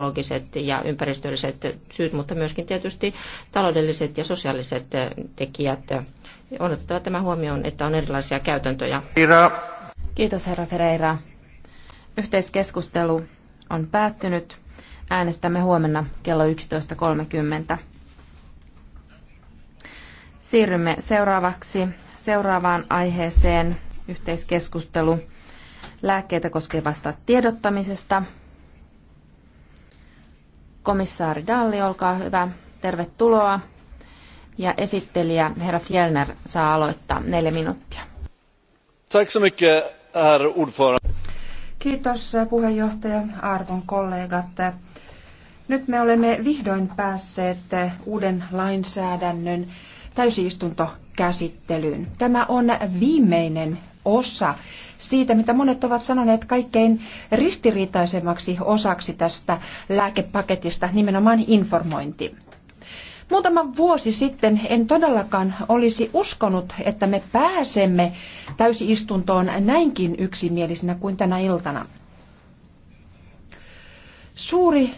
ekologiset ja ympäristölliset syyt, mutta myöskin tietysti taloudelliset ja sosiaaliset tekijät. On otettava tämä huomioon, että on erilaisia käytäntöjä. Herra. Kiitos herra Ferreira. Yhteiskeskustelu on päättynyt. Äänestämme huomenna kello 11.30. Siirrymme seuraavaksi seuraavaan aiheeseen yhteiskeskustelu lääkkeitä koskevasta tiedottamisesta. Komissaari Dalli, olkaa hyvä. Tervetuloa. Ja esittelijä herra Fjellner saa aloittaa neljä minuuttia. Tack så Kiitos puheenjohtaja, arvon kollegat. Nyt me olemme vihdoin päässeet uuden lainsäädännön täysistuntokäsittelyyn. Tämä on viimeinen osa siitä, mitä monet ovat sanoneet kaikkein ristiriitaisemmaksi osaksi tästä lääkepaketista, nimenomaan informointi. Muutama vuosi sitten en todellakaan olisi uskonut, että me pääsemme täysistuntoon näinkin yksimielisinä kuin tänä iltana. Suuri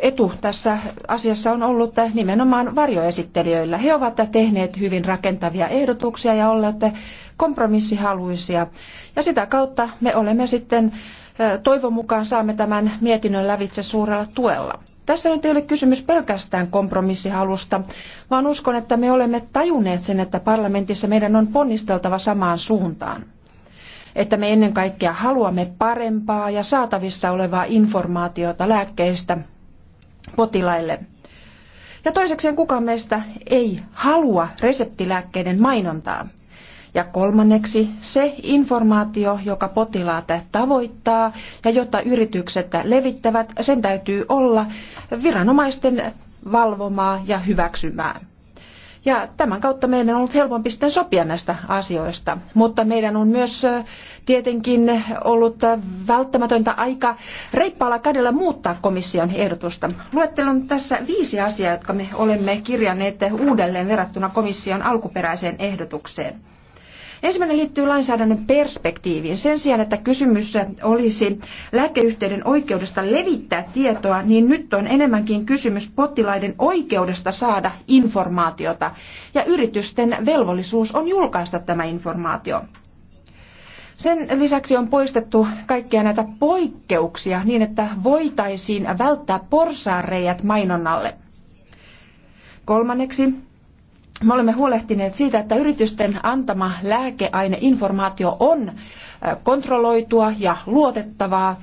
etu tässä asiassa on ollut nimenomaan varjoesittelijöillä. He ovat tehneet hyvin rakentavia ehdotuksia ja olleet kompromissihaluisia. Ja sitä kautta me olemme sitten, toivon mukaan saamme tämän mietinnön lävitse suurella tuella. Tässä nyt ei ole kysymys pelkästään kompromissihalusta, vaan uskon, että me olemme tajunneet sen, että parlamentissa meidän on ponnisteltava samaan suuntaan että me ennen kaikkea haluamme parempaa ja saatavissa olevaa informaatiota lääkkeistä potilaille. Ja toisekseen kukaan meistä ei halua reseptilääkkeiden mainontaa. Ja kolmanneksi se informaatio, joka potilaat tavoittaa ja jota yritykset levittävät, sen täytyy olla viranomaisten valvomaa ja hyväksymää. Ja tämän kautta meidän on ollut helpompi sitten sopia näistä asioista. Mutta meidän on myös tietenkin ollut välttämätöntä aika reippaalla kädellä muuttaa komission ehdotusta. Luettelen tässä viisi asiaa, jotka me olemme kirjanneet uudelleen verrattuna komission alkuperäiseen ehdotukseen. Ensimmäinen liittyy lainsäädännön perspektiiviin. Sen sijaan, että kysymys olisi lääkeyhtiöiden oikeudesta levittää tietoa, niin nyt on enemmänkin kysymys potilaiden oikeudesta saada informaatiota. Ja yritysten velvollisuus on julkaista tämä informaatio. Sen lisäksi on poistettu kaikkia näitä poikkeuksia niin, että voitaisiin välttää porsaanreijät mainonnalle. Kolmanneksi me olemme huolehtineet siitä, että yritysten antama lääkeaineinformaatio on kontrolloitua ja luotettavaa.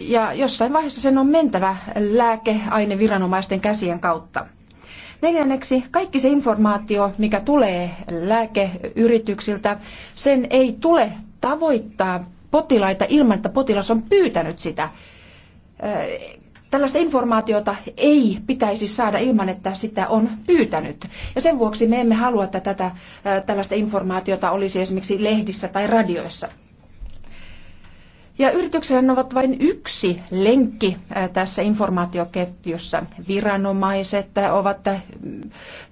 Ja jossain vaiheessa sen on mentävä lääkeaineviranomaisten käsien kautta. Neljänneksi, kaikki se informaatio, mikä tulee lääkeyrityksiltä, sen ei tule tavoittaa potilaita ilman, että potilas on pyytänyt sitä Tällaista informaatiota ei pitäisi saada ilman, että sitä on pyytänyt. Ja sen vuoksi me emme halua, että tätä, tällaista informaatiota olisi esimerkiksi lehdissä tai radioissa. Ja yrityksellä ovat vain yksi lenkki tässä informaatioketjussa. Viranomaiset ovat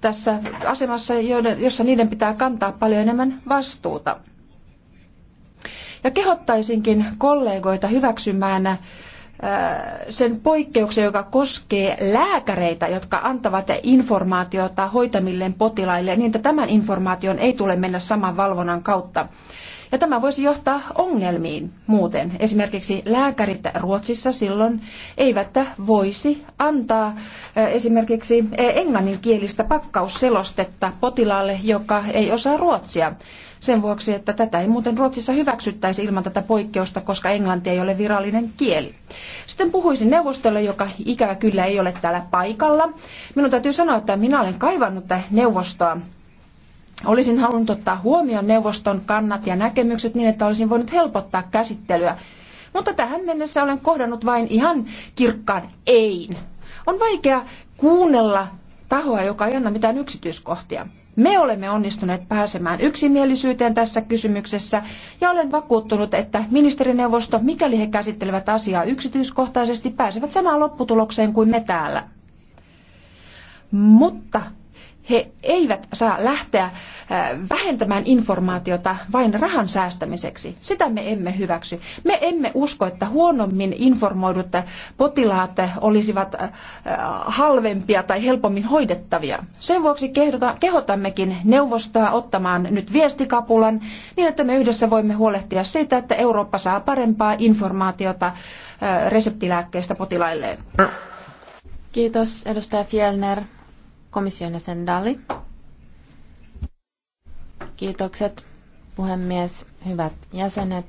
tässä asemassa, jossa niiden pitää kantaa paljon enemmän vastuuta. Ja kehottaisinkin kollegoita hyväksymään sen poikkeuksen, joka koskee lääkäreitä, jotka antavat informaatiota hoitamilleen potilaille, niin että tämän informaation ei tule mennä saman valvonnan kautta. Ja tämä voisi johtaa ongelmiin muuten. Esimerkiksi lääkärit Ruotsissa silloin eivät voisi antaa esimerkiksi englanninkielistä pakkausselostetta potilaalle, joka ei osaa ruotsia. Sen vuoksi, että tätä ei muuten Ruotsissa hyväksyttäisi ilman tätä poikkeusta, koska englanti ei ole virallinen kieli. Sitten puhuisin neuvostolle, joka ikävä kyllä ei ole täällä paikalla. Minun täytyy sanoa, että minä olen kaivannut neuvostoa Olisin halunnut ottaa huomioon neuvoston kannat ja näkemykset niin, että olisin voinut helpottaa käsittelyä. Mutta tähän mennessä olen kohdannut vain ihan kirkkaan ein. On vaikea kuunnella tahoa, joka ei anna mitään yksityiskohtia. Me olemme onnistuneet pääsemään yksimielisyyteen tässä kysymyksessä ja olen vakuuttunut, että ministerineuvosto, mikäli he käsittelevät asiaa yksityiskohtaisesti, pääsevät samaan lopputulokseen kuin me täällä. Mutta he eivät saa lähteä äh, vähentämään informaatiota vain rahan säästämiseksi. Sitä me emme hyväksy. Me emme usko, että huonommin informoidut potilaat olisivat äh, halvempia tai helpommin hoidettavia. Sen vuoksi kehotammekin neuvostoa ottamaan nyt viestikapulan niin, että me yhdessä voimme huolehtia siitä, että Eurooppa saa parempaa informaatiota äh, reseptilääkkeistä potilailleen. Kiitos, edustaja Fjellner komission jäsen Dali. Kiitokset, puhemies, hyvät jäsenet.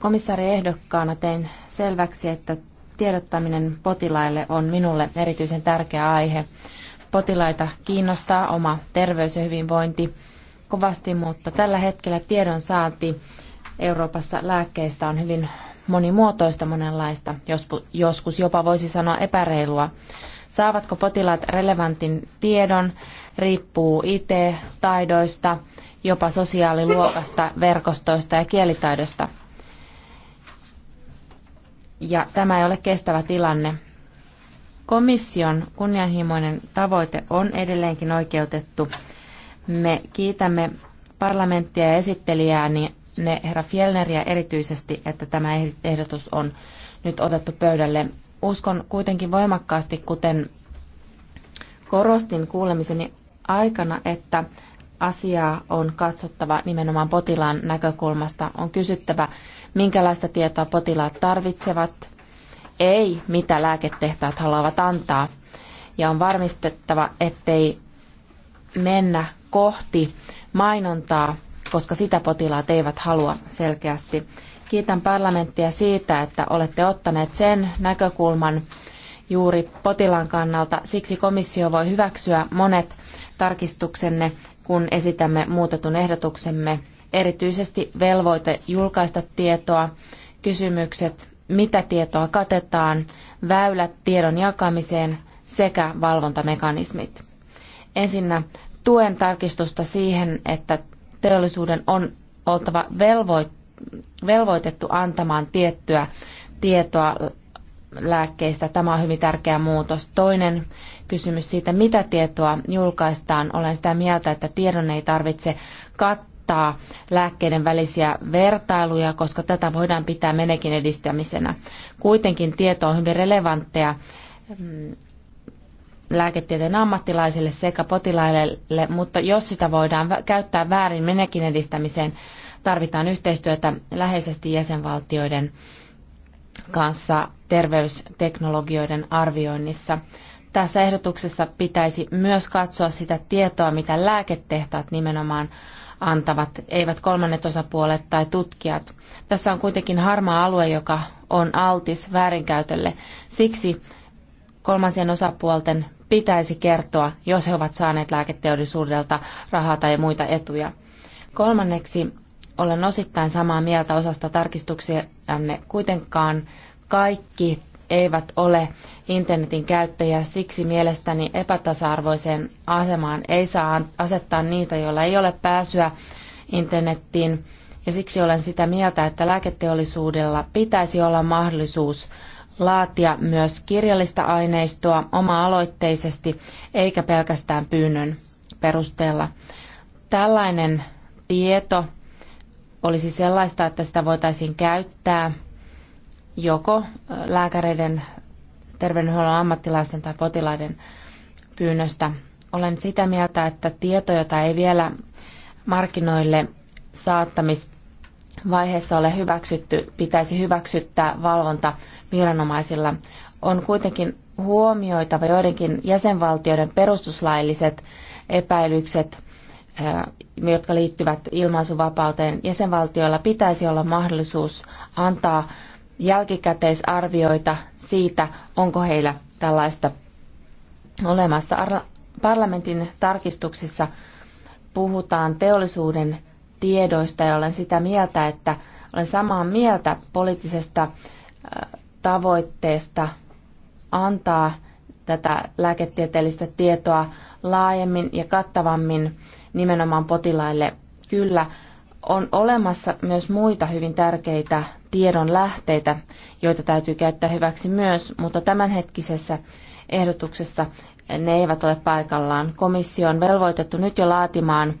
Komissaari ehdokkaana tein selväksi, että tiedottaminen potilaille on minulle erityisen tärkeä aihe. Potilaita kiinnostaa oma terveys ja hyvinvointi kovasti, mutta tällä hetkellä tiedon saanti Euroopassa lääkkeistä on hyvin monimuotoista monenlaista, joskus jopa voisi sanoa epäreilua. Saavatko potilaat relevantin tiedon, riippuu IT-taidoista, jopa sosiaaliluokasta, verkostoista ja kielitaidosta. Ja tämä ei ole kestävä tilanne. Komission kunnianhimoinen tavoite on edelleenkin oikeutettu. Me kiitämme parlamenttia ja esittelijääni ne herra Fjellneriä erityisesti, että tämä ehdotus on nyt otettu pöydälle. Uskon kuitenkin voimakkaasti, kuten korostin kuulemiseni aikana, että asiaa on katsottava nimenomaan potilaan näkökulmasta. On kysyttävä, minkälaista tietoa potilaat tarvitsevat, ei mitä lääketehtaat haluavat antaa. Ja on varmistettava, ettei mennä kohti mainontaa, koska sitä potilaat eivät halua selkeästi. Kiitän parlamenttia siitä, että olette ottaneet sen näkökulman juuri potilaan kannalta. Siksi komissio voi hyväksyä monet tarkistuksenne, kun esitämme muutetun ehdotuksemme. Erityisesti velvoite julkaista tietoa, kysymykset, mitä tietoa katetaan, väylät tiedon jakamiseen sekä valvontamekanismit. Ensinnä tuen tarkistusta siihen, että teollisuuden on oltava velvoitettu antamaan tiettyä tietoa lääkkeistä. Tämä on hyvin tärkeä muutos. Toinen kysymys siitä, mitä tietoa julkaistaan. Olen sitä mieltä, että tiedon ei tarvitse kattaa lääkkeiden välisiä vertailuja, koska tätä voidaan pitää menekin edistämisenä. Kuitenkin tieto on hyvin relevantteja mm, lääketieteen ammattilaisille sekä potilaille, mutta jos sitä voidaan käyttää väärin menekin edistämiseen, tarvitaan yhteistyötä läheisesti jäsenvaltioiden kanssa terveysteknologioiden arvioinnissa. Tässä ehdotuksessa pitäisi myös katsoa sitä tietoa, mitä lääketehtaat nimenomaan antavat, eivät kolmannet osapuolet tai tutkijat. Tässä on kuitenkin harmaa alue, joka on altis väärinkäytölle. Siksi kolmansien osapuolten pitäisi kertoa, jos he ovat saaneet lääketeollisuudelta rahaa tai muita etuja. Kolmanneksi, olen osittain samaa mieltä osasta tarkistuksianne. Kuitenkaan kaikki eivät ole internetin käyttäjiä, siksi mielestäni epätasa-arvoiseen asemaan ei saa asettaa niitä, joilla ei ole pääsyä internettiin. Ja siksi olen sitä mieltä, että lääketeollisuudella pitäisi olla mahdollisuus laatia myös kirjallista aineistoa oma-aloitteisesti eikä pelkästään pyynnön perusteella. Tällainen tieto olisi sellaista, että sitä voitaisiin käyttää joko lääkäreiden, terveydenhuollon ammattilaisten tai potilaiden pyynnöstä. Olen sitä mieltä, että tieto, jota ei vielä markkinoille saattamis vaiheessa ole hyväksytty, pitäisi hyväksyttää valvonta viranomaisilla. On kuitenkin huomioitava joidenkin jäsenvaltioiden perustuslailliset epäilykset, jotka liittyvät ilmaisuvapauteen. Jäsenvaltioilla pitäisi olla mahdollisuus antaa jälkikäteisarvioita siitä, onko heillä tällaista olemassa. Parlamentin tarkistuksissa puhutaan teollisuuden tiedoista ja olen sitä mieltä, että olen samaa mieltä poliittisesta tavoitteesta antaa tätä lääketieteellistä tietoa laajemmin ja kattavammin nimenomaan potilaille. Kyllä, on olemassa myös muita hyvin tärkeitä tiedon lähteitä, joita täytyy käyttää hyväksi myös, mutta tämänhetkisessä ehdotuksessa ne eivät ole paikallaan. Komissio on velvoitettu nyt jo laatimaan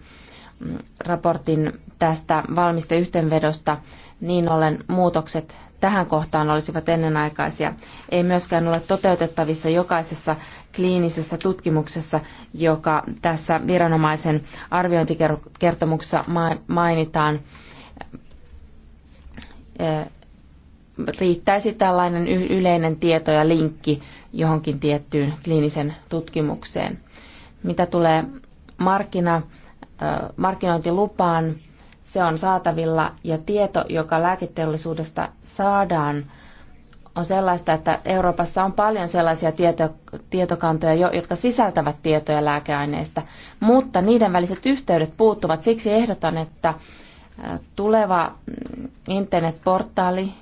raportin tästä valmisteyhteenvedosta, niin ollen muutokset tähän kohtaan olisivat ennenaikaisia. Ei myöskään ole toteutettavissa jokaisessa kliinisessä tutkimuksessa, joka tässä viranomaisen arviointikertomuksessa mainitaan. Riittäisi tällainen yleinen tieto ja linkki johonkin tiettyyn kliinisen tutkimukseen. Mitä tulee markkina markkinointilupaan. Se on saatavilla ja tieto, joka lääketeollisuudesta saadaan, on sellaista, että Euroopassa on paljon sellaisia tieto, tietokantoja, jo, jotka sisältävät tietoja lääkeaineista, mutta niiden väliset yhteydet puuttuvat. Siksi ehdotan, että tuleva mm, internetportaali,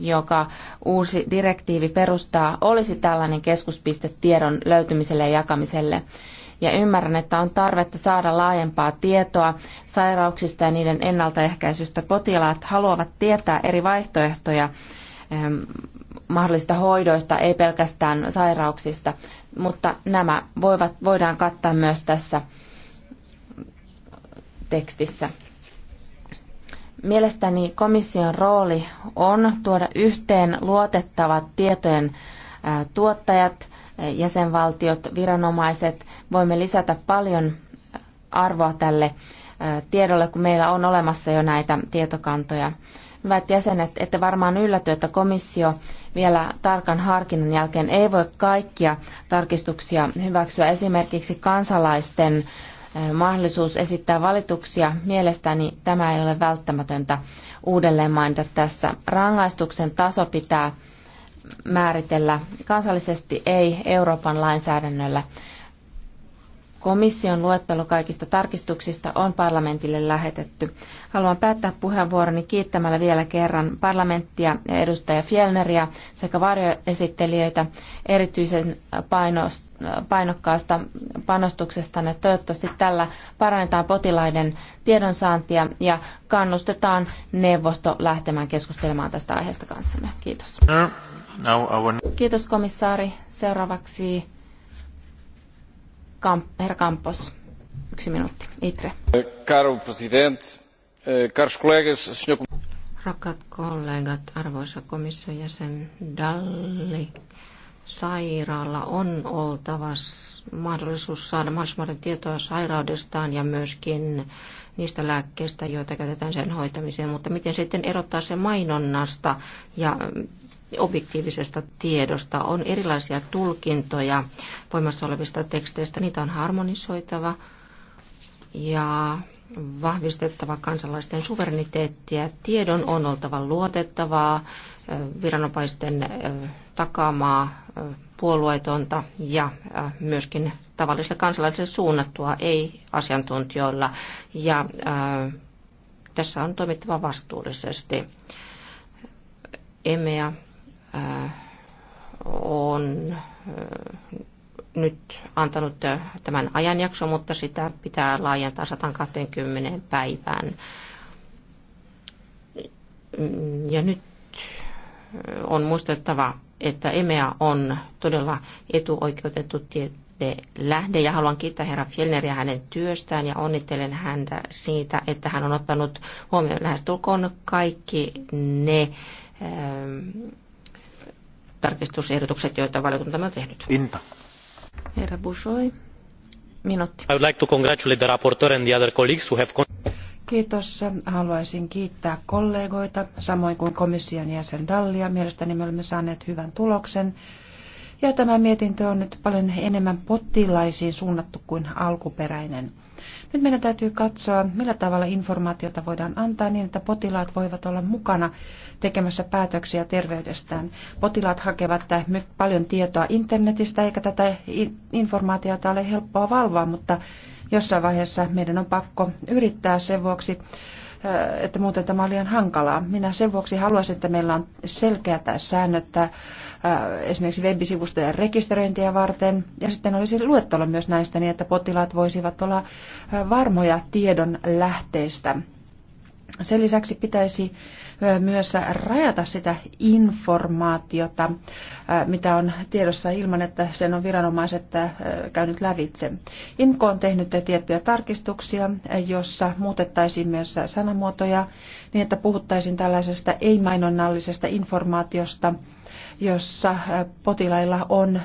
joka uusi direktiivi perustaa, olisi tällainen keskuspiste tiedon löytymiselle ja jakamiselle ja ymmärrän, että on tarvetta saada laajempaa tietoa sairauksista ja niiden ennaltaehkäisystä. Potilaat haluavat tietää eri vaihtoehtoja ehm, mahdollisista hoidoista, ei pelkästään sairauksista, mutta nämä voivat, voidaan kattaa myös tässä tekstissä. Mielestäni komission rooli on tuoda yhteen luotettavat tietojen tuottajat jäsenvaltiot, viranomaiset, voimme lisätä paljon arvoa tälle tiedolle, kun meillä on olemassa jo näitä tietokantoja. Hyvät jäsenet, ette varmaan ylläty, että komissio vielä tarkan harkinnan jälkeen ei voi kaikkia tarkistuksia hyväksyä. Esimerkiksi kansalaisten mahdollisuus esittää valituksia. Mielestäni tämä ei ole välttämätöntä uudelleen mainita tässä. Rangaistuksen taso pitää määritellä kansallisesti, ei Euroopan lainsäädännöllä. Komission luettelo kaikista tarkistuksista on parlamentille lähetetty. Haluan päättää puheenvuoroni kiittämällä vielä kerran parlamenttia ja edustaja Fjellneriä sekä varjoesittelijöitä erityisen painos, painokkaasta panostuksesta. Toivottavasti tällä parannetaan potilaiden tiedonsaantia ja kannustetaan neuvosto lähtemään keskustelemaan tästä aiheesta kanssamme. Kiitos. Kiitos komissaari. Seuraavaksi Kamp, herra Campos, yksi minuutti. Itre. Eh, caro president, eh, caros kollegas, senhor... Rakkaat kollegat, arvoisa komission jäsen Dalli, sairaalla on oltava mahdollisuus saada mahdollisimman tietoa sairaudestaan ja myöskin niistä lääkkeistä, joita käytetään sen hoitamiseen, mutta miten sitten erottaa se mainonnasta ja objektiivisesta tiedosta. On erilaisia tulkintoja voimassa olevista teksteistä, niitä on harmonisoitava ja vahvistettava kansalaisten suvereniteettiä. Tiedon on oltava luotettavaa, viranomaisten takaamaa, puolueetonta ja myöskin tavallisille kansalaisille suunnattua, ei asiantuntijoilla. Ja tässä on toimittava vastuullisesti. EMEA Äh, on äh, nyt antanut tämän ajanjakson, mutta sitä pitää laajentaa 120 päivään. Ja nyt äh, on muistettava, että EMEA on todella etuoikeutettu lähde ja haluan kiittää herra Fjellneriä hänen työstään ja onnittelen häntä siitä, että hän on ottanut huomioon lähestulkoon kaikki ne ähm, tarkistusehdotukset, joita valiokunta on tehnyt. Inta. Herra Bushoi, minuutti. I would like to congratulate the rapporteur and the other colleagues who have... Kiitos. Haluaisin kiittää kollegoita, samoin kuin komission jäsen Dallia. Mielestäni me olemme saaneet hyvän tuloksen ja tämä mietintö on nyt paljon enemmän potilaisiin suunnattu kuin alkuperäinen. Nyt meidän täytyy katsoa, millä tavalla informaatiota voidaan antaa niin, että potilaat voivat olla mukana tekemässä päätöksiä terveydestään. Potilaat hakevat paljon tietoa internetistä, eikä tätä informaatiota ole helppoa valvoa, mutta jossain vaiheessa meidän on pakko yrittää sen vuoksi, äh, että muuten tämä on liian hankalaa. Minä sen vuoksi haluaisin, että meillä on selkeät säännöt äh, esimerkiksi webisivustojen rekisteröintiä varten. Ja sitten olisi luettelo myös näistä niin, että potilaat voisivat olla varmoja tiedon lähteistä. Sen lisäksi pitäisi myös rajata sitä informaatiota, mitä on tiedossa ilman, että sen on viranomaiset käynyt lävitse. IMKO on tehnyt tiettyjä tarkistuksia, jossa muutettaisiin myös sanamuotoja niin, että puhuttaisiin tällaisesta ei-mainonnallisesta informaatiosta, jossa potilailla on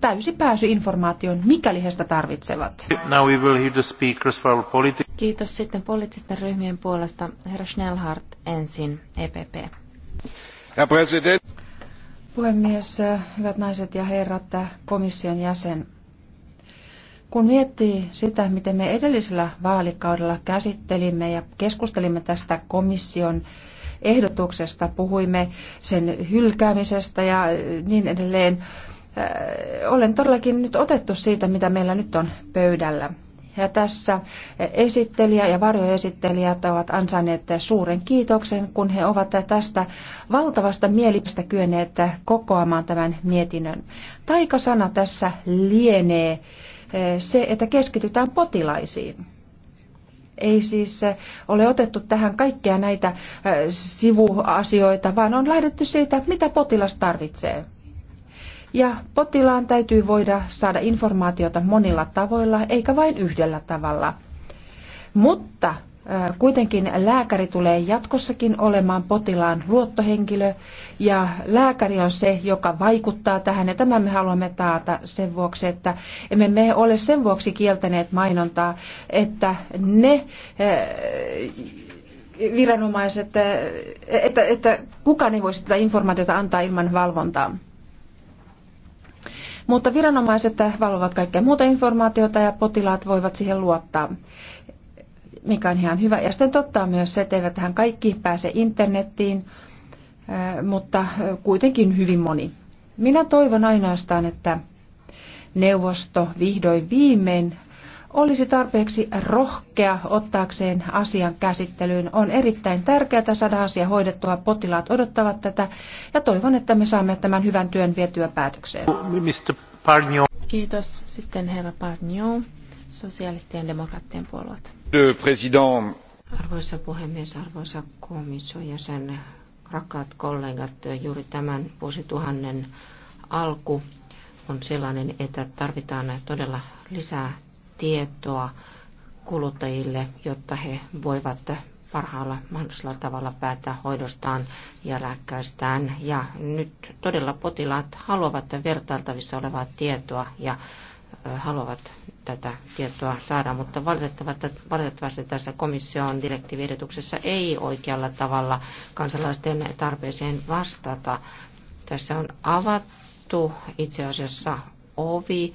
täysi pääsy informaatioon, mikäli he sitä tarvitsevat. Now we will hear the speakers for politi- Kiitos sitten poliittisten ryhmien puolesta. Herra Schnellhardt ensin, EPP. Ja President. Puhemies, hyvät naiset ja herrat, komission jäsen. Kun miettii sitä, miten me edellisellä vaalikaudella käsittelimme ja keskustelimme tästä komission ehdotuksesta, puhuimme sen hylkäämisestä ja niin edelleen, olen todellakin nyt otettu siitä, mitä meillä nyt on pöydällä. Ja tässä esittelijä ja varjoesittelijät ovat ansainneet suuren kiitoksen, kun he ovat tästä valtavasta mielipistä kyenneet kokoamaan tämän mietinnön. Taikasana tässä lienee se, että keskitytään potilaisiin. Ei siis ole otettu tähän kaikkia näitä sivuasioita, vaan on lähdetty siitä, mitä potilas tarvitsee. Ja potilaan täytyy voida saada informaatiota monilla tavoilla, eikä vain yhdellä tavalla. Mutta Kuitenkin lääkäri tulee jatkossakin olemaan potilaan luottohenkilö ja lääkäri on se, joka vaikuttaa tähän ja tämän me haluamme taata sen vuoksi, että emme me ole sen vuoksi kieltäneet mainontaa, että ne viranomaiset, että, että kukaan ei voisi tätä informaatiota antaa ilman valvontaa. Mutta viranomaiset valvovat kaikkea muuta informaatiota ja potilaat voivat siihen luottaa mikä on ihan hyvä. Ja sitten totta myös se, että eiväthän kaikki pääse internettiin, mutta kuitenkin hyvin moni. Minä toivon ainoastaan, että neuvosto vihdoin viimein olisi tarpeeksi rohkea ottaakseen asian käsittelyyn. On erittäin tärkeää saada asia hoidettua. Potilaat odottavat tätä ja toivon, että me saamme tämän hyvän työn vietyä päätökseen. Mr. Parnio. Kiitos. Sitten herra Parnio, sosialistien demokraattien puolueelta. Arvoisa puhemies, arvoisa komissio ja sen rakkaat kollegat, juuri tämän vuosituhannen alku on sellainen, että tarvitaan todella lisää tietoa kuluttajille, jotta he voivat parhaalla mahdollisella tavalla päättää hoidostaan ja lääkkäistään. Ja nyt todella potilaat haluavat vertailtavissa olevaa tietoa ja haluavat tätä tietoa saada, mutta valitettavasti tässä komission direktiiviehdotuksessa ei oikealla tavalla kansalaisten tarpeeseen vastata. Tässä on avattu itse asiassa ovi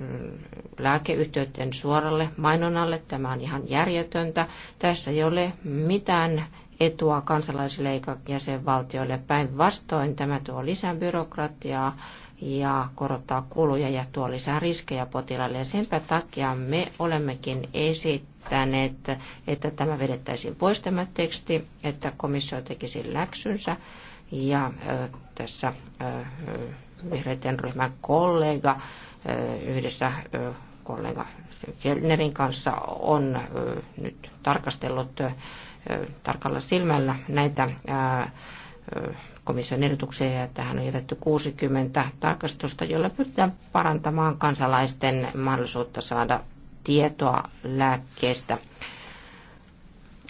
Mm, lääkeyhtiöiden suoralle mainonnalle. Tämä on ihan järjetöntä. Tässä ei ole mitään etua kansalaisille eikä jäsenvaltioille. Päinvastoin tämä tuo lisää byrokratiaa ja korottaa kuluja ja tuo lisää riskejä potilaille. Ja senpä takia me olemmekin esittäneet, että tämä vedettäisiin pois tämä teksti, että komissio tekisi läksynsä ja ö, tässä ö, vihreiden ryhmän kollega yhdessä kollega Fjellnerin kanssa on nyt tarkastellut tarkalla silmällä näitä komission ehdotuksia ja tähän on jätetty 60 tarkastusta, jolla pyritään parantamaan kansalaisten mahdollisuutta saada tietoa lääkkeestä.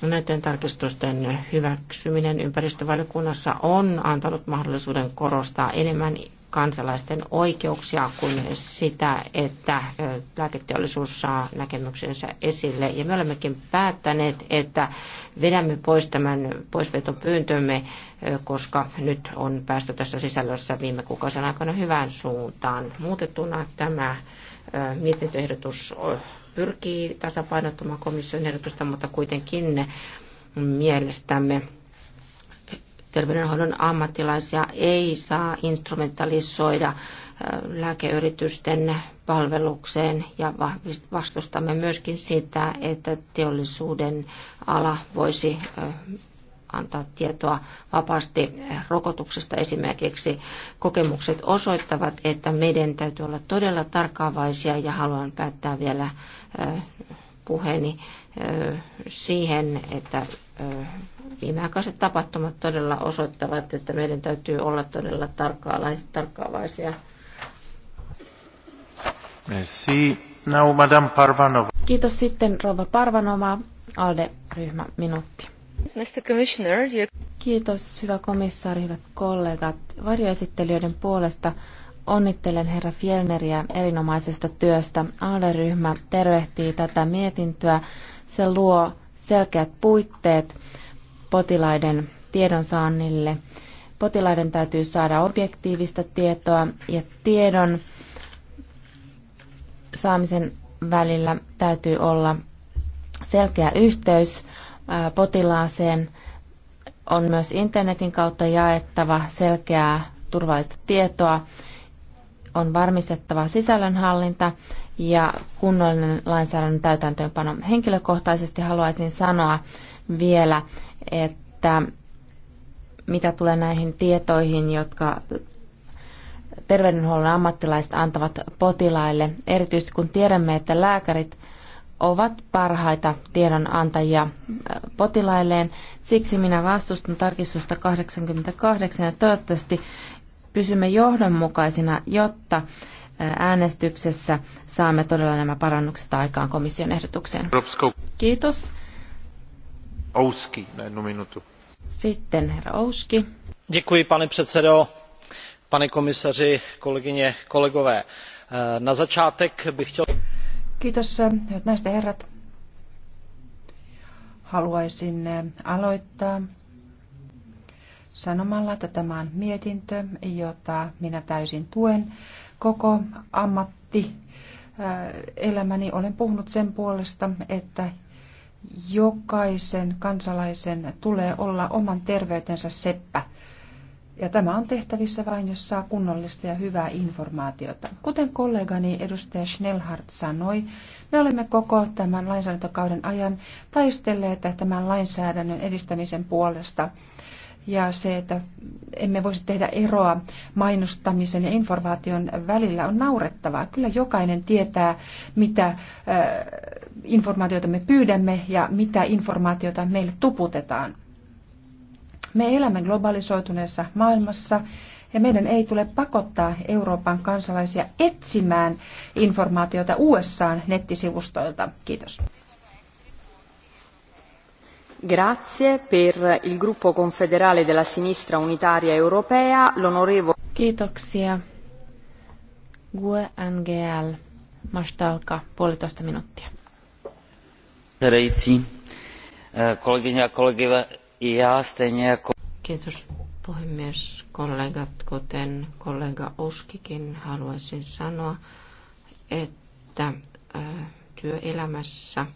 Näiden tarkistusten hyväksyminen ympäristövaliokunnassa on antanut mahdollisuuden korostaa enemmän kansalaisten oikeuksia kuin sitä, että lääketeollisuus saa näkemyksensä esille. Ja me olemmekin päättäneet, että vedämme pois tämän poisvetopyyntömme, koska nyt on päästy tässä sisällössä viime kuukausien aikana hyvään suuntaan. Muutettuna tämä mietintöehdotus pyrkii tasapainottamaan komission ehdotusta, mutta kuitenkin mielestämme terveydenhoidon ammattilaisia ei saa instrumentalisoida äh, lääkeyritysten palvelukseen ja vastustamme myöskin sitä, että teollisuuden ala voisi äh, antaa tietoa vapaasti rokotuksesta esimerkiksi. Kokemukset osoittavat, että meidän täytyy olla todella tarkkaavaisia ja haluan päättää vielä äh, puheeni siihen, että viimeaikaiset tapahtumat todella osoittavat, että meidän täytyy olla todella tarkkaavaisia. Merci. Now, Madame Parvanova. Kiitos sitten Rova Parvanova, ALDE-ryhmä minuutti. Mr. Commissioner, you... Kiitos, hyvä komissaari, hyvät kollegat. Varjoesittelijöiden puolesta onnittelen herra Fjellneriä erinomaisesta työstä. ALDE-ryhmä tervehtii tätä mietintöä. Se luo selkeät puitteet potilaiden tiedonsaannille. Potilaiden täytyy saada objektiivista tietoa ja tiedon saamisen välillä täytyy olla selkeä yhteys potilaaseen. On myös internetin kautta jaettava selkeää turvallista tietoa. On varmistettava sisällönhallinta ja kunnollinen lainsäädännön täytäntöönpano. Henkilökohtaisesti haluaisin sanoa vielä, että mitä tulee näihin tietoihin, jotka terveydenhuollon ammattilaiset antavat potilaille, erityisesti kun tiedämme, että lääkärit ovat parhaita tiedonantajia äh, potilailleen. Siksi minä vastustan tarkistusta 88 ja toivottavasti pysymme johdonmukaisina, jotta äh, äänestyksessä saamme todella nämä parannukset aikaan komission ehdotukseen. Kiitos herra pane předsedající pane komisaři, kolegyně, kolegové. Eh, na začátek bych chtěl... Eh, Haluaisin eh, aloittaa sanomalla, että tämä on mietintö, jota minä täysin tuen. Koko ammattielämäni olen puhunut sen puolesta, että Jokaisen kansalaisen tulee olla oman terveytensä seppä. Ja tämä on tehtävissä vain, jos saa kunnollista ja hyvää informaatiota. Kuten kollegani edustaja Schnellhardt sanoi, me olemme koko tämän lainsäädäntökauden ajan taistelleet tämän lainsäädännön edistämisen puolesta. Ja se, että emme voisi tehdä eroa mainostamisen ja informaation välillä, on naurettavaa. Kyllä jokainen tietää, mitä äh, informaatiota me pyydämme ja mitä informaatiota meille tuputetaan. Me elämme globalisoituneessa maailmassa ja meidän ei tule pakottaa Euroopan kansalaisia etsimään informaatiota USAan nettisivustoilta. Kiitos. Grazie per il gruppo confederale della sinistra unitaria europea, l'onorevole. Kiitoksia. GUE NGL. Mastalka, puolitoista minuuttia předsedající eh, kolegyně a kolegové i já stejně jako Kiitos puhemies. Kollegat, kuten kollega Uskikin, haluaisin sanoa, että eh, työelämässä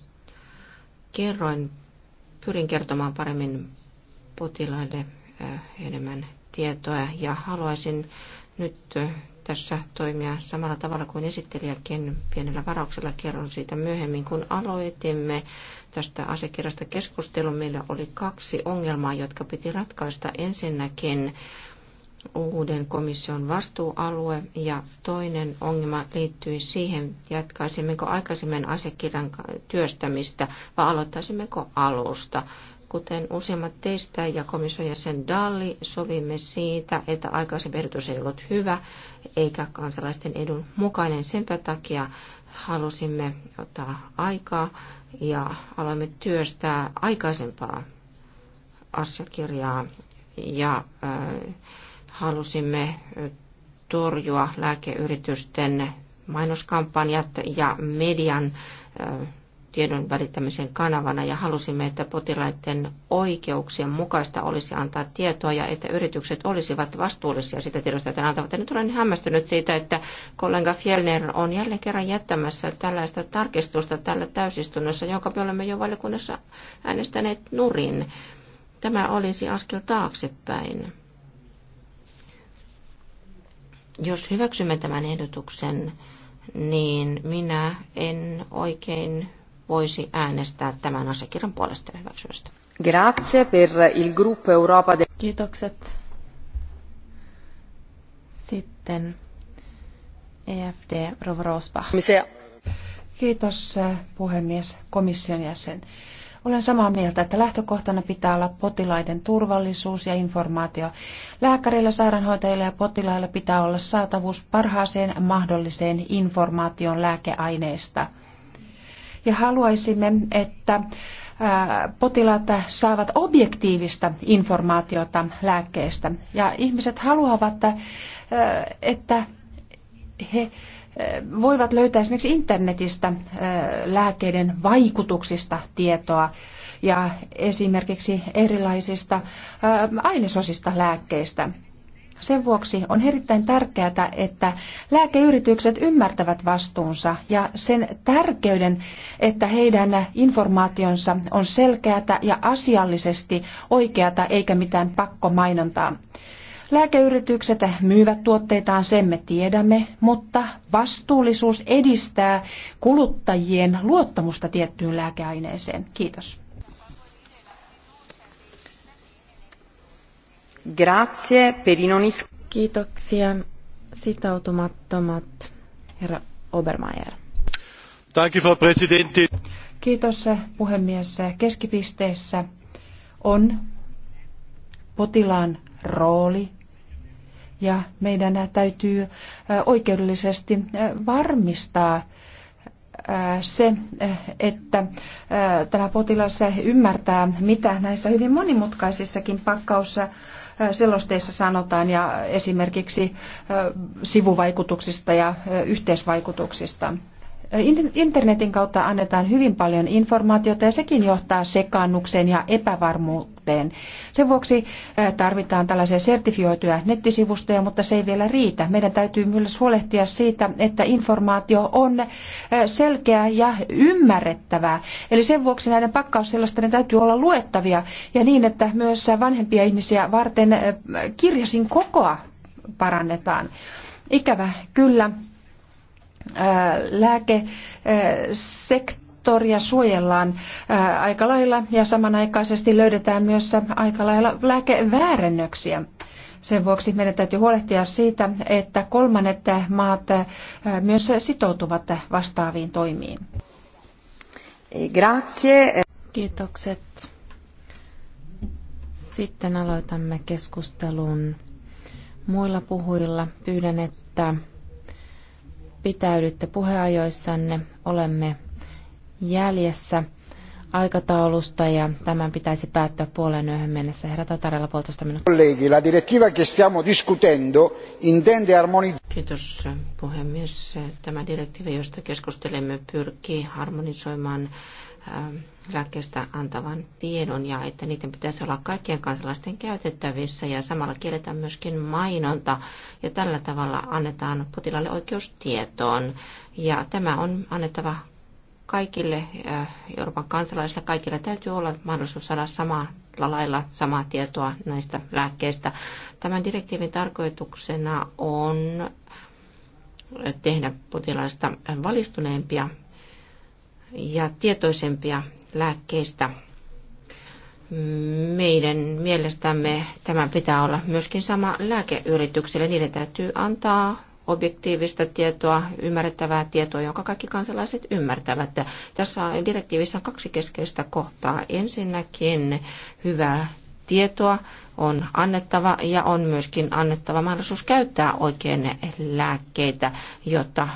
kerroin, pyrin kertomaan paremmin potilaille eh, enemmän tietoa ja haluaisin nyt tässä toimia samalla tavalla kuin esittelijäkin pienellä varauksella kerron siitä myöhemmin. Kun aloitimme tästä asiakirjasta keskustelun, meillä oli kaksi ongelmaa, jotka piti ratkaista. Ensinnäkin uuden komission vastuualue ja toinen ongelma liittyi siihen, jatkaisimmeko aikaisemmin asiakirjan työstämistä vai aloittaisimmeko alusta kuten useimmat teistä ja komission jäsen Dalli, sovimme siitä, että aikaisempi ehdotus ei ollut hyvä eikä kansalaisten edun mukainen. Senpä takia halusimme ottaa aikaa ja aloimme työstää aikaisempaa asiakirjaa ja äh, halusimme torjua lääkeyritysten mainoskampanjat ja median äh, tiedon välittämisen kanavana ja halusimme, että potilaiden oikeuksien mukaista olisi antaa tietoa ja että yritykset olisivat vastuullisia sitä tiedosta, jota antavat. Ja nyt olen hämmästynyt siitä, että kollega Fjellner on jälleen kerran jättämässä tällaista tarkistusta tällä täysistunnossa, jonka me olemme jo valiokunnassa äänestäneet nurin. Tämä olisi askel taaksepäin. Jos hyväksymme tämän ehdotuksen, niin minä en oikein voisi äänestää tämän asiakirjan puolesta hyväksymistä. Grazie per il gruppo Europa de... Kiitokset. Sitten EFD Rovrospa. Kiitos eh, puhemies, komission jäsen. Olen samaa mieltä, että lähtökohtana pitää olla potilaiden turvallisuus ja informaatio. Lääkäreillä, sairaanhoitajilla ja potilailla pitää olla saatavuus parhaaseen mahdolliseen informaation lääkeaineista – ja haluaisimme, että potilaat saavat objektiivista informaatiota lääkkeestä. Ja ihmiset haluavat, että he voivat löytää esimerkiksi internetistä lääkkeiden vaikutuksista tietoa ja esimerkiksi erilaisista ainesosista lääkkeistä. Sen vuoksi on erittäin tärkeää, että lääkeyritykset ymmärtävät vastuunsa ja sen tärkeyden, että heidän informaationsa on selkeätä ja asiallisesti oikeata eikä mitään pakkomainontaa. Lääkeyritykset myyvät tuotteitaan, sen me tiedämme, mutta vastuullisuus edistää kuluttajien luottamusta tiettyyn lääkeaineeseen. Kiitos. Grazie per i non Kiitoksia sitoutumattomat, herra Obermeier. Frau Präsidentin. Kiitos puhemies. Keskipisteessä on potilaan rooli ja meidän täytyy oikeudellisesti varmistaa se, että tämä potilas ymmärtää, mitä näissä hyvin monimutkaisissakin pakkaussa selosteissa sanotaan ja esimerkiksi sivuvaikutuksista ja yhteisvaikutuksista. Internetin kautta annetaan hyvin paljon informaatiota ja sekin johtaa sekaannukseen ja epävarmuuteen. Sen vuoksi tarvitaan tällaisia sertifioituja nettisivustoja, mutta se ei vielä riitä. Meidän täytyy myös huolehtia siitä, että informaatio on selkeä ja ymmärrettävää. Eli sen vuoksi näiden pakkaussellasten täytyy olla luettavia ja niin, että myös vanhempia ihmisiä varten kirjasin kokoa parannetaan. Ikävä kyllä lääkesektoria suojellaan aika lailla ja samanaikaisesti löydetään myös aika lailla lääkeväärennöksiä. Sen vuoksi meidän täytyy huolehtia siitä, että kolmannet maat myös sitoutuvat vastaaviin toimiin. Grazie. Kiitokset. Sitten aloitamme keskustelun muilla puhujilla. Pyydän, että pitäydytte puheajoissanne. Olemme jäljessä aikataulusta ja tämän pitäisi päättyä puoleen yöhön mennessä. Herra Tatarella puolitoista minuuttia. Kollegi, la direttiva che stiamo discutendo intende armonizzare... Kiitos puhemies. Tämä direktiivi, josta keskustelemme, pyrkii harmonisoimaan Ähm, lääkkeestä antavan tiedon ja että niiden pitäisi olla kaikkien kansalaisten käytettävissä ja samalla kielletään myöskin mainonta ja tällä tavalla annetaan potilaalle oikeus tietoon ja tämä on annettava kaikille äh, Euroopan kansalaisille, kaikilla täytyy olla mahdollisuus saada samaa lailla samaa tietoa näistä lääkkeistä. Tämän direktiivin tarkoituksena on tehdä potilaista valistuneempia ja tietoisempia lääkkeistä. Meidän mielestämme tämä pitää olla myöskin sama lääkeyritykselle. Niiden täytyy antaa objektiivista tietoa, ymmärrettävää tietoa, jonka kaikki kansalaiset ymmärtävät. Tässä direktiivissä kaksi keskeistä kohtaa. Ensinnäkin hyvää tietoa on annettava ja on myöskin annettava mahdollisuus käyttää oikein lääkkeitä, jotta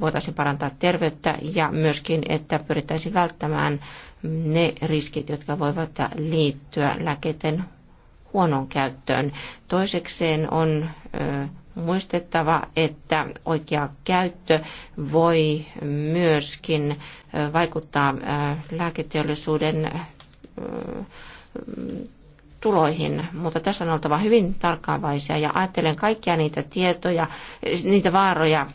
voitaisiin parantaa terveyttä ja myöskin, että pyrittäisiin välttämään ne riskit, jotka voivat liittyä lääkeiden huonoon käyttöön. Toisekseen on muistettava, että oikea käyttö voi myöskin vaikuttaa lääketeollisuuden tuloihin, mutta tässä on oltava hyvin tarkkaavaisia ja ajattelen kaikkia niitä tietoja, niitä vaaroja,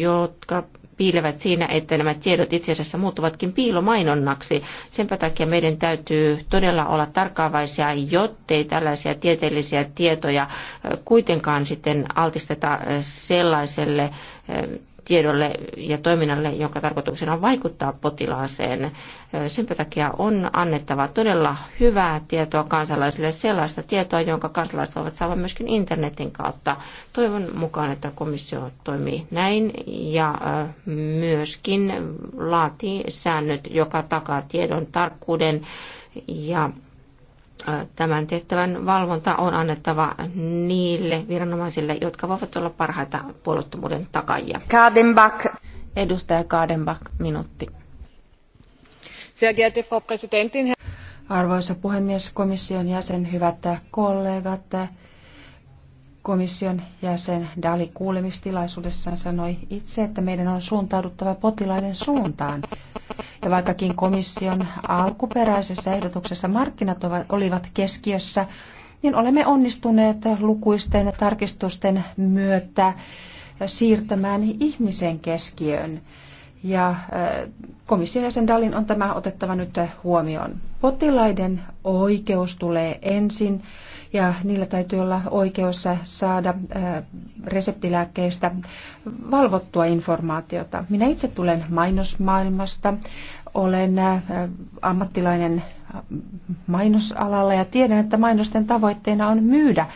jotka piilevät siinä, että nämä tiedot itse asiassa muuttuvatkin piilomainonnaksi. Sen takia meidän täytyy todella olla tarkkaavaisia, jottei tällaisia tieteellisiä tietoja kuitenkaan sitten altisteta sellaiselle tiedolle ja toiminnalle, jonka tarkoituksena on vaikuttaa potilaaseen. Sen takia on annettava todella hyvää tietoa kansalaisille, sellaista tietoa, jonka kansalaiset voivat saada myöskin internetin kautta. Toivon mukaan, että komissio toimii näin ja myöskin laatii säännöt, joka takaa tiedon tarkkuuden ja tämän tehtävän valvonta on annettava niille viranomaisille, jotka voivat olla parhaita puolottomuuden takajia. Kadenbach. Edustaja Kadenbach, minuutti. Arvoisa puhemies, komission jäsen, hyvät kollegat. Komission jäsen Dali kuulemistilaisuudessaan sanoi itse, että meidän on suuntauduttava potilaiden suuntaan. Ja vaikkakin komission alkuperäisessä ehdotuksessa markkinat olivat keskiössä, niin olemme onnistuneet lukuisten tarkistusten myötä siirtämään ihmisen keskiöön. Ja äh, komission jäsen Dalin on tämä otettava nyt äh, huomioon. Potilaiden oikeus tulee ensin ja niillä täytyy olla oikeus äh, saada reseptilääkkeistä valvottua informaatiota. Minä itse tulen mainosmaailmasta, olen ammattilainen mainosalalla ja tiedän, että mainosten tavoitteena on myydä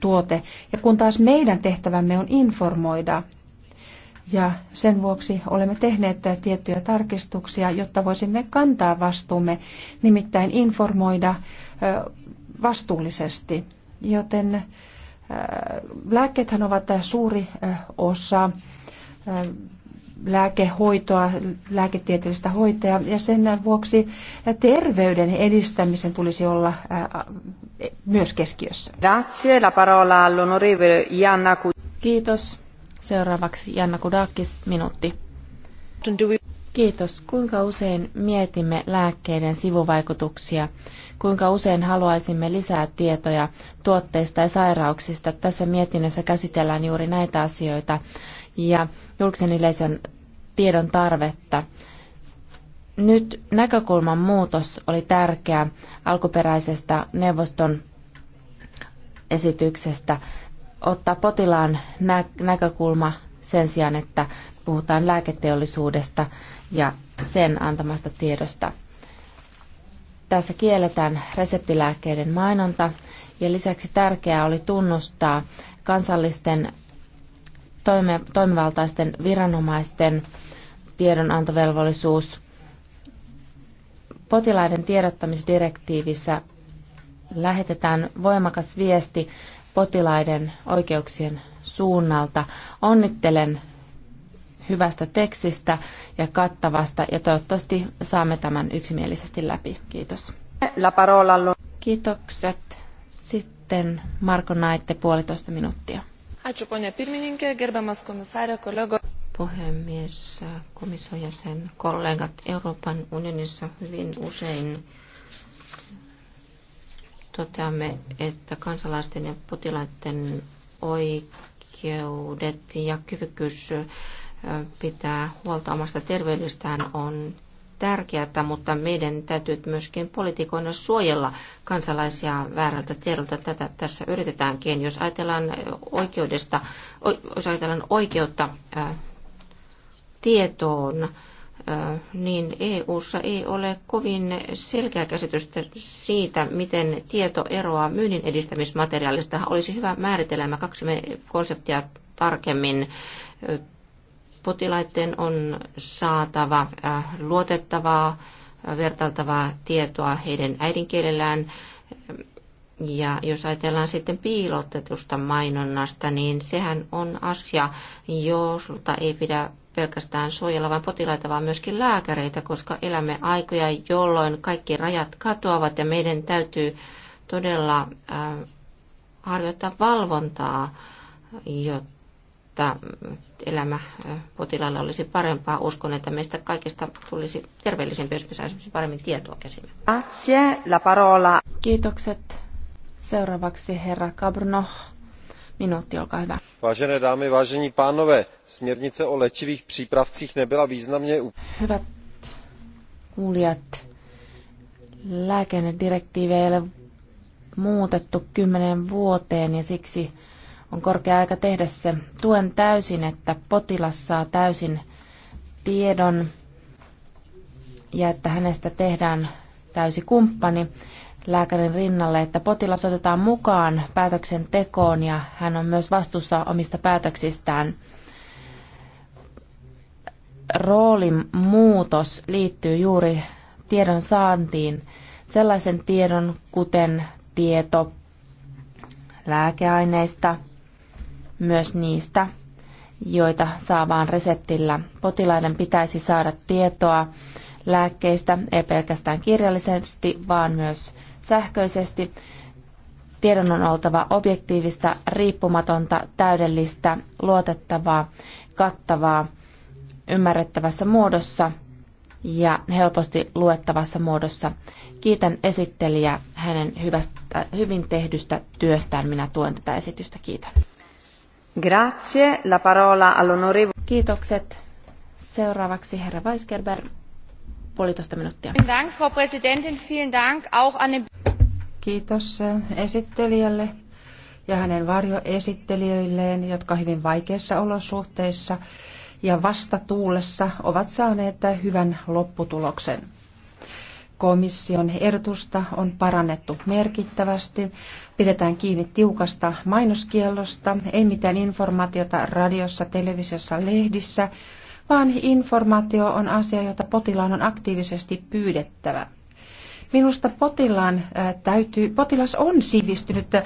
tuote. Ja kun taas meidän tehtävämme on informoida ja sen vuoksi olemme tehneet tiettyjä tarkistuksia, jotta voisimme kantaa vastuumme, nimittäin informoida vastuullisesti. Joten lääkkeethän ovat suuri osa lääkehoitoa, lääketieteellistä hoitoa ja sen vuoksi terveyden edistämisen tulisi olla myös keskiössä. Grazie, la parola all'onorevole Janna Kiitos. Seuraavaksi Janna Kudakis, minuutti. Kiitos. Kuinka usein mietimme lääkkeiden sivuvaikutuksia? Kuinka usein haluaisimme lisää tietoja tuotteista ja sairauksista? Tässä mietinnössä käsitellään juuri näitä asioita ja julkisen yleisön tiedon tarvetta. Nyt näkökulman muutos oli tärkeä alkuperäisestä neuvoston esityksestä ottaa potilaan nä- näkökulma sen sijaan, että puhutaan lääketeollisuudesta ja sen antamasta tiedosta. Tässä kielletään reseptilääkkeiden mainonta ja lisäksi tärkeää oli tunnustaa kansallisten toime- toimivaltaisten viranomaisten tiedonantovelvollisuus. Potilaiden tiedottamisdirektiivissä lähetetään voimakas viesti potilaiden oikeuksien suunnalta. Onnittelen hyvästä tekstistä ja kattavasta ja toivottavasti saamme tämän yksimielisesti läpi. Kiitos. La parola. Kiitokset. Sitten Marko Naitte puolitoista minuuttia. Ačiū ponia pirmininkė, gerbiamas komisarė, kollego. Puhemies, komisojäsen, kollegat Euroopan unionissa hyvin usein toteamme, että kansalaisten ja potilaiden oikeudet ja kyvykkyys pitää huolta omasta terveydestään on tärkeää, mutta meidän täytyy myöskin politikoina suojella kansalaisia väärältä tiedolta. Tätä tässä yritetäänkin. Jos ajatellaan, oikeudesta, jos ajatellaan oikeutta tietoon, niin EU:ssa ei ole kovin selkeä käsitystä siitä, miten tieto eroaa myynnin edistämismateriaalista. Olisi hyvä nämä kaksi konseptia tarkemmin. Potilaiden on saatava luotettavaa, vertailtavaa tietoa heidän äidinkielellään ja jos ajatellaan sitten piilotetusta mainonnasta, niin sehän on asia, josta ei pidä pelkästään suojella vain potilaita, vaan myöskin lääkäreitä, koska elämme aikoja, jolloin kaikki rajat katoavat ja meidän täytyy todella äh, harjoittaa valvontaa, jotta elämä potilaalle olisi parempaa. Uskon, että meistä kaikista tulisi terveellisempi, jos me saisimme paremmin tietoa käsimme. la parola. Kiitokset. Seuraavaksi herra Cabrno. Minuutti, olkaa hyvä. Vážené dámy, vážení pánové, směrnice o léčivých přípravcích nebyla významně... Hyvät kuulijat, lääkennedirektiivi ei ole muutettu kymmenen vuoteen ja siksi on korkea aika tehdä se. Tuen täysin, että potilas saa täysin tiedon ja että hänestä tehdään täysi kumppani lääkärin rinnalle, että potilas otetaan mukaan päätöksentekoon ja hän on myös vastuussa omista päätöksistään. Roolin muutos liittyy juuri tiedon saantiin. Sellaisen tiedon, kuten tieto lääkeaineista, myös niistä, joita saa vain reseptillä. Potilaiden pitäisi saada tietoa lääkkeistä, ei pelkästään kirjallisesti, vaan myös sähköisesti. Tiedon on oltava objektiivista, riippumatonta, täydellistä, luotettavaa, kattavaa, ymmärrettävässä muodossa ja helposti luettavassa muodossa. Kiitän esittelijää hänen hyvästä, hyvin tehdystä työstään. Minä tuen tätä esitystä. Kiitän. Grazie. La parola all'onorevole. Kiitokset. Seuraavaksi herra Weisgerberg puolitoista minuuttia. Kiitos äh, esittelijälle ja hänen varjoesittelijöilleen, jotka hyvin vaikeissa olosuhteissa ja vastatuulessa ovat saaneet hyvän lopputuloksen. Komission ehdotusta on parannettu merkittävästi. Pidetään kiinni tiukasta mainoskiellosta, ei mitään informaatiota radiossa, televisiossa, lehdissä, vaan informaatio on asia, jota potilaan on aktiivisesti pyydettävä. Minusta potilaan äh, täytyy, potilas on sivistynyt, äh,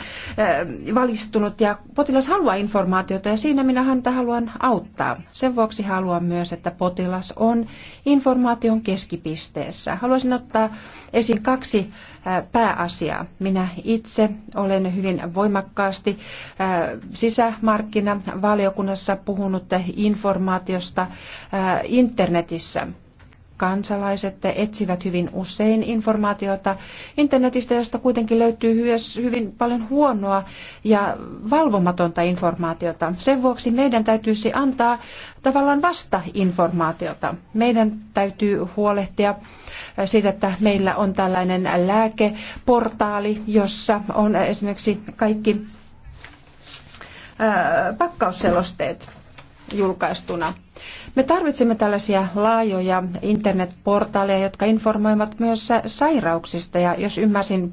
valistunut ja potilas haluaa informaatiota ja siinä minä häntä haluan auttaa. Sen vuoksi haluan myös, että potilas on informaation keskipisteessä. Haluaisin ottaa esiin kaksi äh, pääasiaa. Minä itse olen hyvin voimakkaasti sisämarkkinavaliokunnassa puhunut informaatiosta internetissä kansalaiset etsivät hyvin usein informaatiota internetistä, josta kuitenkin löytyy myös hyvin paljon huonoa ja valvomatonta informaatiota. Sen vuoksi meidän täytyisi antaa tavallaan vasta informaatiota. Meidän täytyy huolehtia siitä, että meillä on tällainen lääkeportaali, jossa on esimerkiksi kaikki pakkausselosteet julkaistuna. Me tarvitsemme tällaisia laajoja internetportaaleja, jotka informoivat myös sairauksista ja jos ymmärsin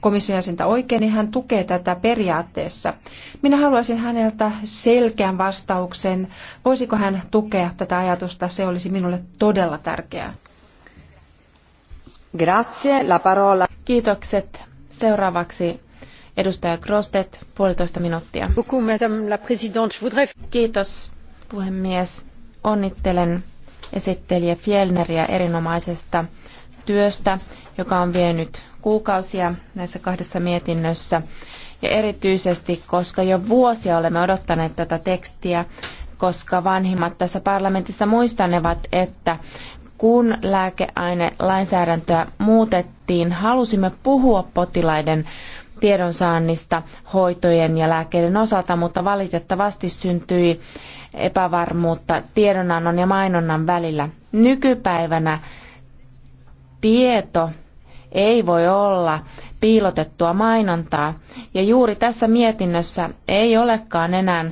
komission oikein, niin hän tukee tätä periaatteessa. Minä haluaisin häneltä selkeän vastauksen. Voisiko hän tukea tätä ajatusta? Se olisi minulle todella tärkeää. Grazie, la parola. Kiitokset. Seuraavaksi edustaja Grostet, puolitoista minuuttia. Kiitos Puhemies, onnittelen esittelijä Fjellneriä erinomaisesta työstä, joka on vienyt kuukausia näissä kahdessa mietinnössä. Ja erityisesti, koska jo vuosia olemme odottaneet tätä tekstiä, koska vanhimmat tässä parlamentissa muistanevat, että kun lääkeainelainsäädäntöä muutettiin, halusimme puhua potilaiden tiedonsaannista hoitojen ja lääkkeiden osalta, mutta valitettavasti syntyi epävarmuutta tiedonannon ja mainonnan välillä. Nykypäivänä tieto ei voi olla piilotettua mainontaa, ja juuri tässä mietinnössä ei olekaan enää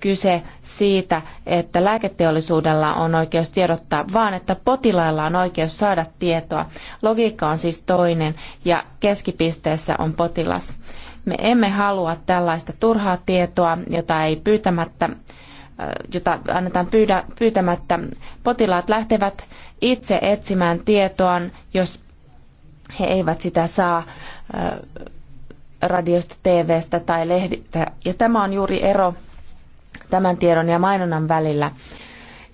kyse siitä, että lääketeollisuudella on oikeus tiedottaa, vaan että potilailla on oikeus saada tietoa. Logiikka on siis toinen ja keskipisteessä on potilas. Me emme halua tällaista turhaa tietoa, jota ei pyytämättä jota annetaan pyydä, pyytämättä. Potilaat lähtevät itse etsimään tietoa, jos he eivät sitä saa radiosta, TVstä tai lehdistä. Ja tämä on juuri ero tämän tiedon ja mainonnan välillä.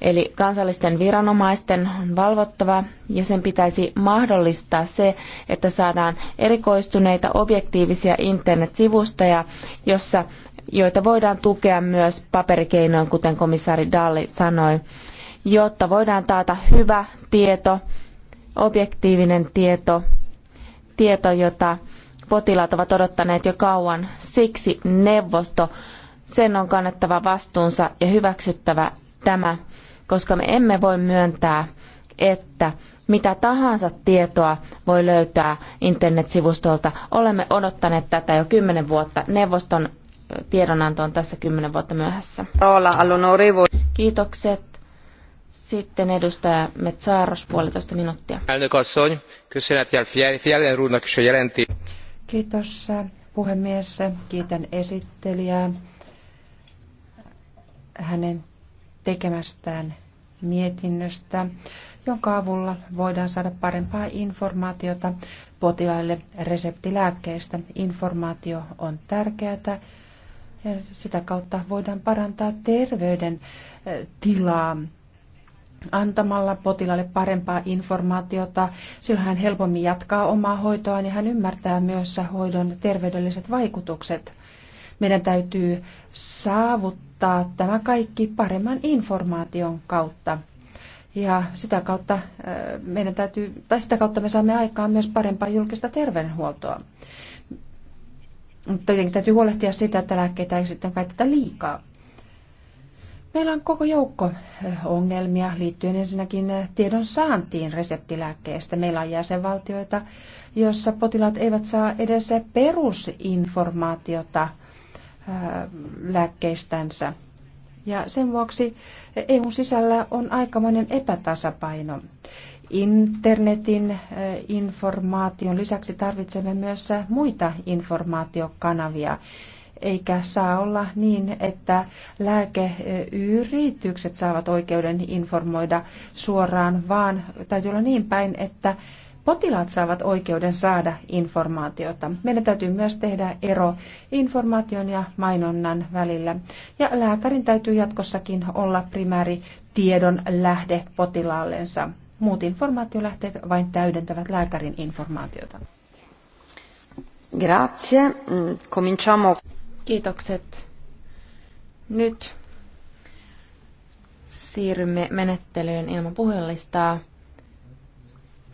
Eli kansallisten viranomaisten on valvottava ja sen pitäisi mahdollistaa se, että saadaan erikoistuneita objektiivisia internetsivustoja, jossa joita voidaan tukea myös paperikeinoin, kuten komissaari Dalli sanoi, jotta voidaan taata hyvä tieto, objektiivinen tieto, tieto, jota potilaat ovat odottaneet jo kauan. Siksi neuvosto, sen on kannettava vastuunsa ja hyväksyttävä tämä, koska me emme voi myöntää, että mitä tahansa tietoa voi löytää internetsivustolta. Olemme odottaneet tätä jo kymmenen vuotta. Neuvoston tiedonanto on tässä kymmenen vuotta myöhässä. Kiitokset. Sitten edustaja Metsaaros, puolitoista minuuttia. Kiitos puhemies. Kiitän esittelijää hänen tekemästään mietinnöstä, jonka avulla voidaan saada parempaa informaatiota potilaille reseptilääkkeistä. Informaatio on tärkeää ja sitä kautta voidaan parantaa terveyden tilaa antamalla potilaalle parempaa informaatiota. Silloin hän helpommin jatkaa omaa hoitoaan ja hän ymmärtää myös hoidon terveydelliset vaikutukset. Meidän täytyy saavuttaa tämä kaikki paremman informaation kautta. Ja sitä kautta, meidän täytyy, tai sitä kautta me saamme aikaan myös parempaa julkista terveydenhuoltoa. Mutta tietenkin täytyy huolehtia sitä, että lääkkeitä ei sitten käytetä liikaa. Meillä on koko joukko ongelmia liittyen ensinnäkin tiedon saantiin reseptilääkkeestä. Meillä on jäsenvaltioita, joissa potilaat eivät saa edes perusinformaatiota lääkkeistänsä. Ja sen vuoksi EUn sisällä on aikamoinen epätasapaino internetin informaation lisäksi tarvitsemme myös muita informaatiokanavia. Eikä saa olla niin, että lääkeyritykset saavat oikeuden informoida suoraan, vaan täytyy olla niin päin, että potilaat saavat oikeuden saada informaatiota. Meidän täytyy myös tehdä ero informaation ja mainonnan välillä. Ja lääkärin täytyy jatkossakin olla primääri tiedon lähde potilaallensa. Muut informaatiolähteet vain täydentävät lääkärin informaatiota. Grazie. Cominciamo. Kiitokset. Nyt siirrymme menettelyyn ilman puhujalistaa.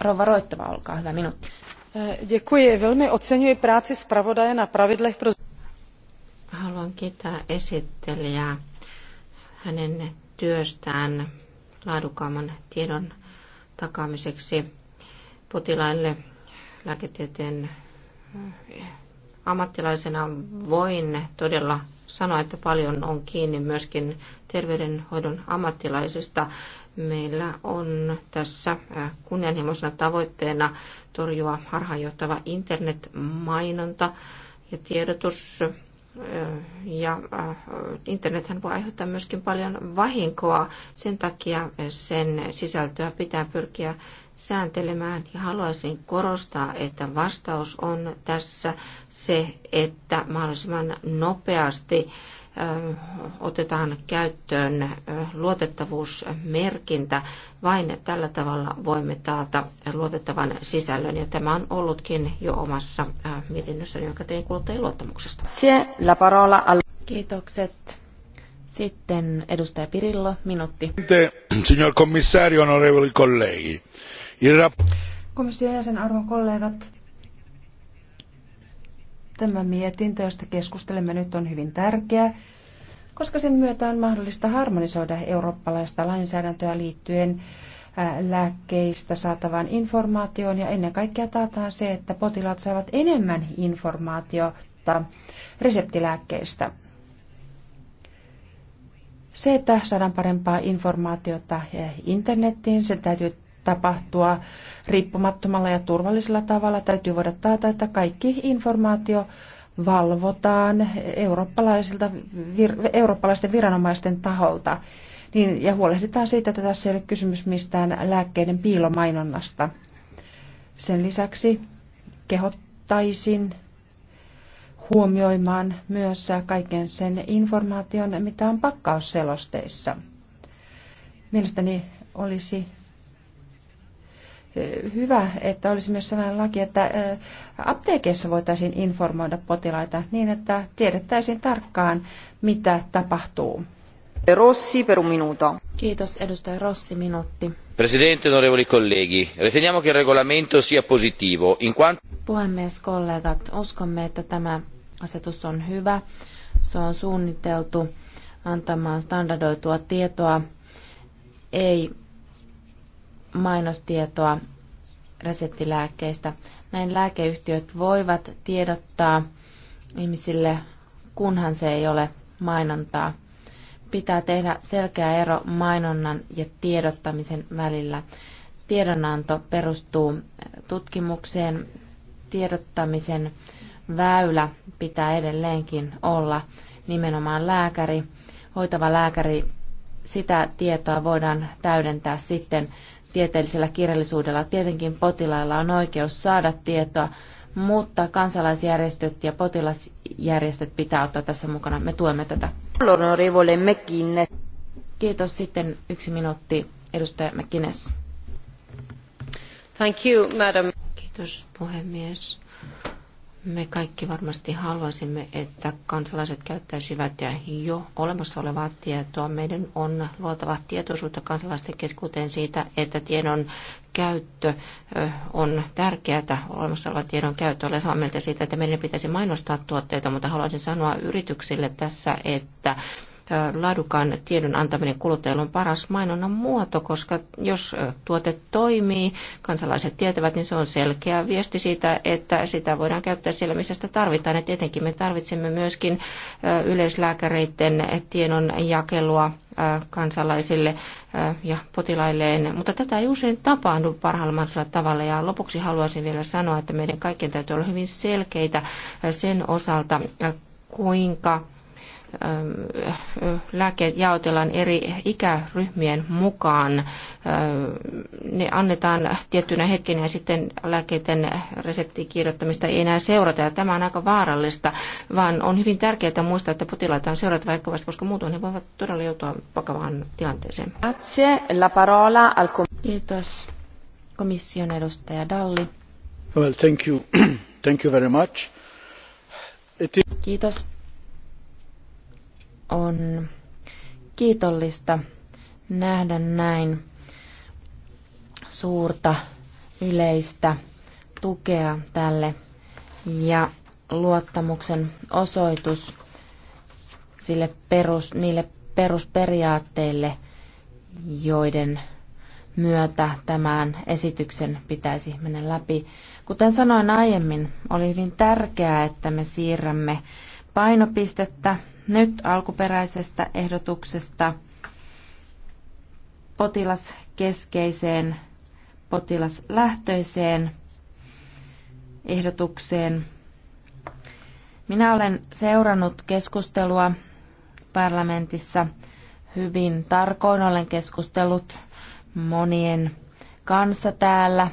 Rova Roittova, olkaa hyvä minuutti. Eh, děkuji. Velmi oceňuji práci zpravodaje na pravidlech pro... Haluan kiittää esittelijää hänen työstään laadukkaamman tiedon takaamiseksi potilaille lääketieteen ammattilaisena voin todella sanoa, että paljon on kiinni myöskin terveydenhoidon ammattilaisista. Meillä on tässä kunnianhimoisena tavoitteena torjua harhaanjohtava internetmainonta ja tiedotus ja internethän voi aiheuttaa myöskin paljon vahinkoa. Sen takia sen sisältöä pitää pyrkiä sääntelemään. Ja haluaisin korostaa, että vastaus on tässä se, että mahdollisimman nopeasti otetaan käyttöön luotettavuusmerkintä. Vain tällä tavalla voimme taata luotettavan sisällön, ja tämä on ollutkin jo omassa mietinnössä, jonka tein kuluttajien luottamuksesta. Kiitokset. Sitten edustaja Pirillo, minuutti. Signor commissario, onorevoli colleghi. Komission jäsen, arvon kollegat, Tämä mietintö, josta keskustelemme nyt, on hyvin tärkeä, koska sen myötä on mahdollista harmonisoida eurooppalaista lainsäädäntöä liittyen lääkkeistä saatavaan informaatioon ja ennen kaikkea taataan se, että potilaat saavat enemmän informaatiota reseptilääkkeistä. Se, että saadaan parempaa informaatiota internettiin, se täytyy tapahtua riippumattomalla ja turvallisella tavalla. Täytyy voida taata, että kaikki informaatio valvotaan eurooppalaisilta, vir, eurooppalaisten viranomaisten taholta. Niin, ja huolehditaan siitä, että tässä ei ole kysymys mistään lääkkeiden piilomainonnasta. Sen lisäksi kehottaisin huomioimaan myös kaiken sen informaation, mitä on pakkausselosteissa. Mielestäni olisi hyvä, että olisi myös sellainen laki, että apteekeissa voitaisiin informoida potilaita niin, että tiedettäisiin tarkkaan, mitä tapahtuu. Rossi per un minuto. Kiitos edustaja Rossi, minuutti. Presidente, onorevoli colleghi, riteniamo che il regolamento sia positivo. In quanto... Puhemies, kollegat, uskomme, että tämä asetus on hyvä. Se on suunniteltu antamaan standardoitua tietoa, ei mainostietoa reseptilääkkeistä. Näin lääkeyhtiöt voivat tiedottaa ihmisille, kunhan se ei ole mainontaa. Pitää tehdä selkeä ero mainonnan ja tiedottamisen välillä. Tiedonanto perustuu tutkimukseen. Tiedottamisen väylä pitää edelleenkin olla nimenomaan lääkäri. Hoitava lääkäri, sitä tietoa voidaan täydentää sitten tieteellisellä kirjallisuudella. Tietenkin potilailla on oikeus saada tietoa, mutta kansalaisjärjestöt ja potilasjärjestöt pitää ottaa tässä mukana. Me tuemme tätä. Kiitos. Sitten yksi minuutti. Edustaja McGuinness. Thank you, madam. Kiitos, puhemies. Me kaikki varmasti haluaisimme, että kansalaiset käyttäisivät jo olemassa olevaa tietoa. Meidän on luotava tietoisuutta kansalaisten keskuuteen siitä, että tiedon käyttö on tärkeää, olemassa olevan tiedon käyttö. Olen samaa mieltä siitä, että meidän pitäisi mainostaa tuotteita, mutta haluaisin sanoa yrityksille tässä, että laadukkaan tiedon antaminen kuluttajalle on paras mainonnan muoto, koska jos tuote toimii, kansalaiset tietävät, niin se on selkeä viesti siitä, että sitä voidaan käyttää siellä, missä sitä tarvitaan. Ja tietenkin me tarvitsemme myöskin yleislääkäreiden tiedon jakelua kansalaisille ja potilailleen, mutta tätä ei usein tapahdu parhaalla mahdollisella tavalla. Ja lopuksi haluaisin vielä sanoa, että meidän kaikkien täytyy olla hyvin selkeitä sen osalta, kuinka Ähm, lääkkeet jaotellaan eri ikäryhmien mukaan. Ne annetaan tiettynä hetkenä ja sitten lääkkeiden reseptikirjoittamista ei enää seurata. Ja tämä on aika vaarallista, vaan on hyvin tärkeää muistaa, että potilaita on seurattava jatkuvasti, koska muutoin he voivat todella joutua vakavaan tilanteeseen. La parola al Kiitos. Komission edustaja Dalli. Well, thank you. thank you very much. Kiitos on kiitollista nähdä näin suurta yleistä tukea tälle ja luottamuksen osoitus sille perus, niille perusperiaatteille, joiden myötä tämän esityksen pitäisi mennä läpi. Kuten sanoin aiemmin, oli hyvin tärkeää, että me siirrämme painopistettä nyt alkuperäisestä ehdotuksesta potilaskeskeiseen, potilaslähtöiseen ehdotukseen. Minä olen seurannut keskustelua parlamentissa hyvin tarkoin. Olen keskustellut monien kanssa täällä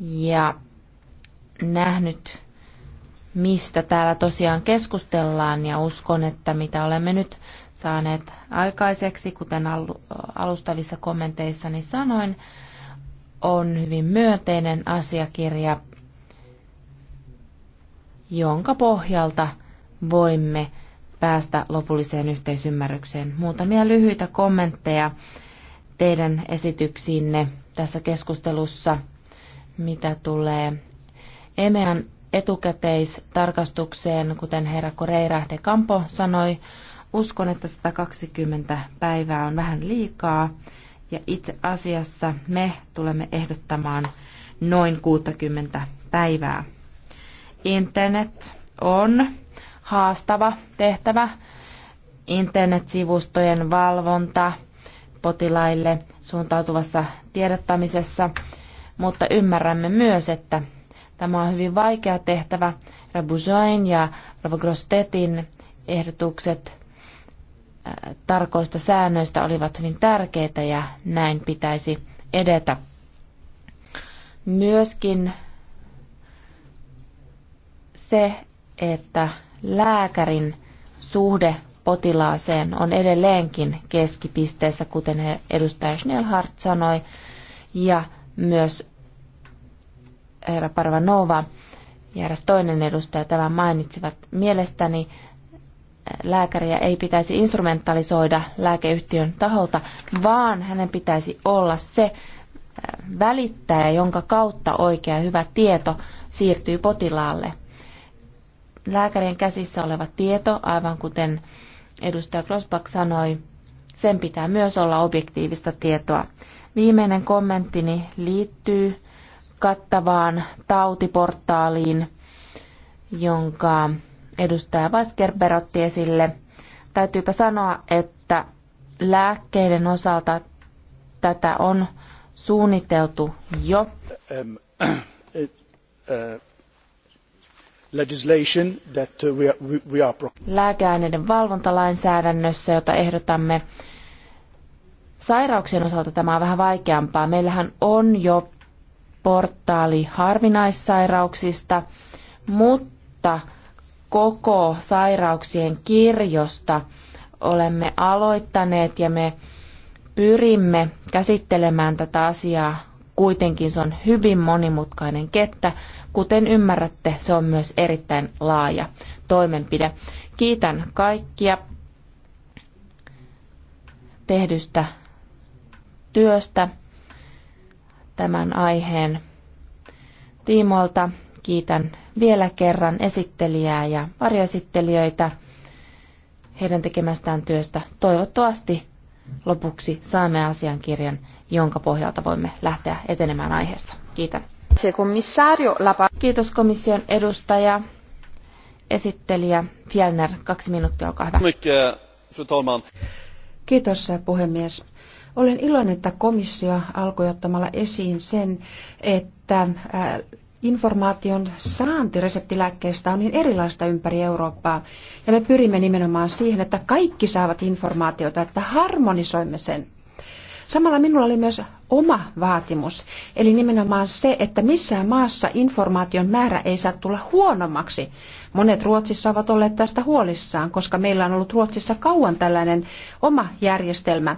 ja nähnyt mistä täällä tosiaan keskustellaan ja uskon, että mitä olemme nyt saaneet aikaiseksi, kuten alustavissa kommenteissani sanoin, on hyvin myönteinen asiakirja, jonka pohjalta voimme päästä lopulliseen yhteisymmärrykseen. Muutamia lyhyitä kommentteja teidän esityksiinne tässä keskustelussa, mitä tulee EMEAn etukäteistarkastukseen, kuten herra Koreira de Campo sanoi. Uskon, että 120 päivää on vähän liikaa ja itse asiassa me tulemme ehdottamaan noin 60 päivää. Internet on haastava tehtävä. Internetsivustojen valvonta potilaille suuntautuvassa tiedottamisessa, mutta ymmärrämme myös, että Tämä on hyvin vaikea tehtävä. Rabujoin ja Ravogrostetin ehdotukset tarkoista säännöistä olivat hyvin tärkeitä ja näin pitäisi edetä. Myöskin se, että lääkärin suhde potilaaseen on edelleenkin keskipisteessä, kuten edustaja Schnellhardt sanoi, ja myös herra Parvanova ja eräs toinen edustaja tämän mainitsivat. Mielestäni eh, lääkäriä ei pitäisi instrumentalisoida lääkeyhtiön taholta, vaan hänen pitäisi olla se eh, välittäjä, jonka kautta oikea hyvä tieto siirtyy potilaalle. Lääkärien käsissä oleva tieto, aivan kuten edustaja Grosbach sanoi, sen pitää myös olla objektiivista tietoa. Viimeinen kommenttini liittyy kattavaan tautiportaaliin, jonka edustaja Vasker perotti esille. Täytyypä sanoa, että lääkkeiden osalta tätä on suunniteltu jo. Um, uh, legislation that we are, we are... Lääkeaineiden valvontalainsäädännössä, jota ehdotamme, Sairauksien osalta tämä on vähän vaikeampaa. Meillähän on jo portaali harvinaissairauksista, mutta koko sairauksien kirjosta olemme aloittaneet ja me pyrimme käsittelemään tätä asiaa. Kuitenkin se on hyvin monimutkainen kettä. Kuten ymmärrätte, se on myös erittäin laaja toimenpide. Kiitän kaikkia tehdystä työstä tämän aiheen tiimoilta. Kiitän vielä kerran esittelijää ja varjoesittelijöitä heidän tekemästään työstä. Toivottavasti lopuksi saamme asiankirjan, jonka pohjalta voimme lähteä etenemään aiheessa. Kiitän. Kiitos komission edustaja, esittelijä Fjellner. Kaksi minuuttia, olkaa hyvä. Kiitos puhemies. Olen iloinen, että komissio alkoi ottamalla esiin sen, että informaation saanti reseptilääkkeistä on niin erilaista ympäri Eurooppaa. Ja me pyrimme nimenomaan siihen, että kaikki saavat informaatiota, että harmonisoimme sen. Samalla minulla oli myös oma vaatimus, eli nimenomaan se, että missään maassa informaation määrä ei saa tulla huonommaksi. Monet Ruotsissa ovat olleet tästä huolissaan, koska meillä on ollut Ruotsissa kauan tällainen oma järjestelmä.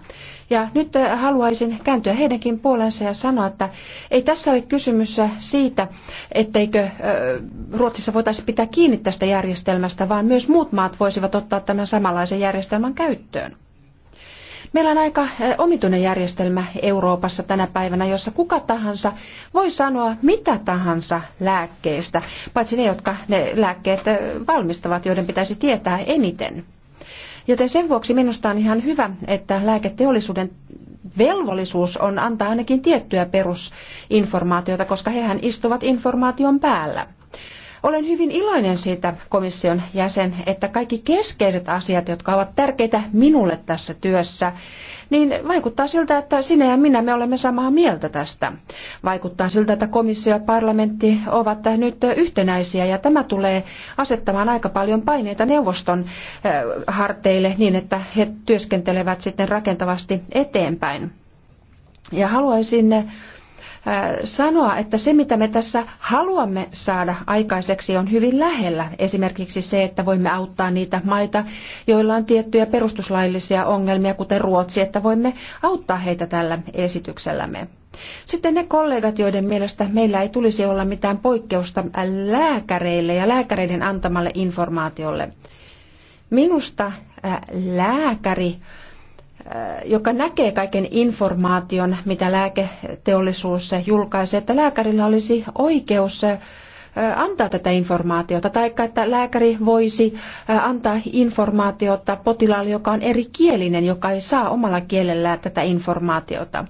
Ja nyt äh, haluaisin kääntyä heidänkin puolensa ja sanoa, että ei tässä ole kysymys äh, siitä, etteikö äh, Ruotsissa voitaisiin pitää kiinni tästä järjestelmästä, vaan myös muut maat voisivat ottaa tämän samanlaisen järjestelmän käyttöön. Meillä on aika eh, omituinen järjestelmä Euroopassa tänä päivänä, jossa kuka tahansa voi sanoa mitä tahansa lääkkeestä, paitsi ne, jotka ne lääkkeet eh, valmistavat, joiden pitäisi tietää eniten. Joten sen vuoksi minusta on ihan hyvä, että lääketeollisuuden velvollisuus on antaa ainakin tiettyä perusinformaatiota, koska hehän istuvat informaation päällä. Olen hyvin iloinen siitä komission jäsen, että kaikki keskeiset asiat, jotka ovat tärkeitä minulle tässä työssä, niin vaikuttaa siltä, että sinä ja minä me olemme samaa mieltä tästä. Vaikuttaa siltä, että komissio ja parlamentti ovat nyt yhtenäisiä ja tämä tulee asettamaan aika paljon paineita neuvoston eh, harteille niin, että he työskentelevät sitten rakentavasti eteenpäin. Ja haluaisin eh, sanoa, että se mitä me tässä haluamme saada aikaiseksi on hyvin lähellä. Esimerkiksi se, että voimme auttaa niitä maita, joilla on tiettyjä perustuslaillisia ongelmia, kuten Ruotsi, että voimme auttaa heitä tällä esityksellämme. Sitten ne kollegat, joiden mielestä meillä ei tulisi olla mitään poikkeusta lääkäreille ja lääkäreiden antamalle informaatiolle. Minusta lääkäri joka näkee kaiken informaation, mitä lääketeollisuus julkaisee, että lääkärillä olisi oikeus antaa tätä informaatiota, tai että lääkäri voisi antaa informaatiota potilaalle, joka on eri kielinen, joka ei saa omalla kielellään tätä informaatiota.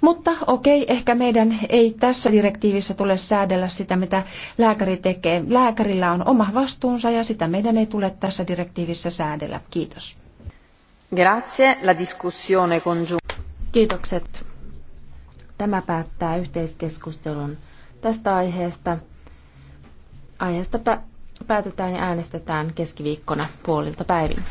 Mutta okei, ehkä meidän ei tässä direktiivissä tule säädellä sitä, mitä lääkäri tekee. Lääkärillä on oma vastuunsa ja sitä meidän ei tule tässä direktiivissä säädellä. Kiitos. Grazie. La discussione congiunta. Kiitokset. Tämä päättää yhteiskeskustelun tästä aiheesta. Aiheesta päätetään ja äänestetään keskiviikkona puolilta päivin.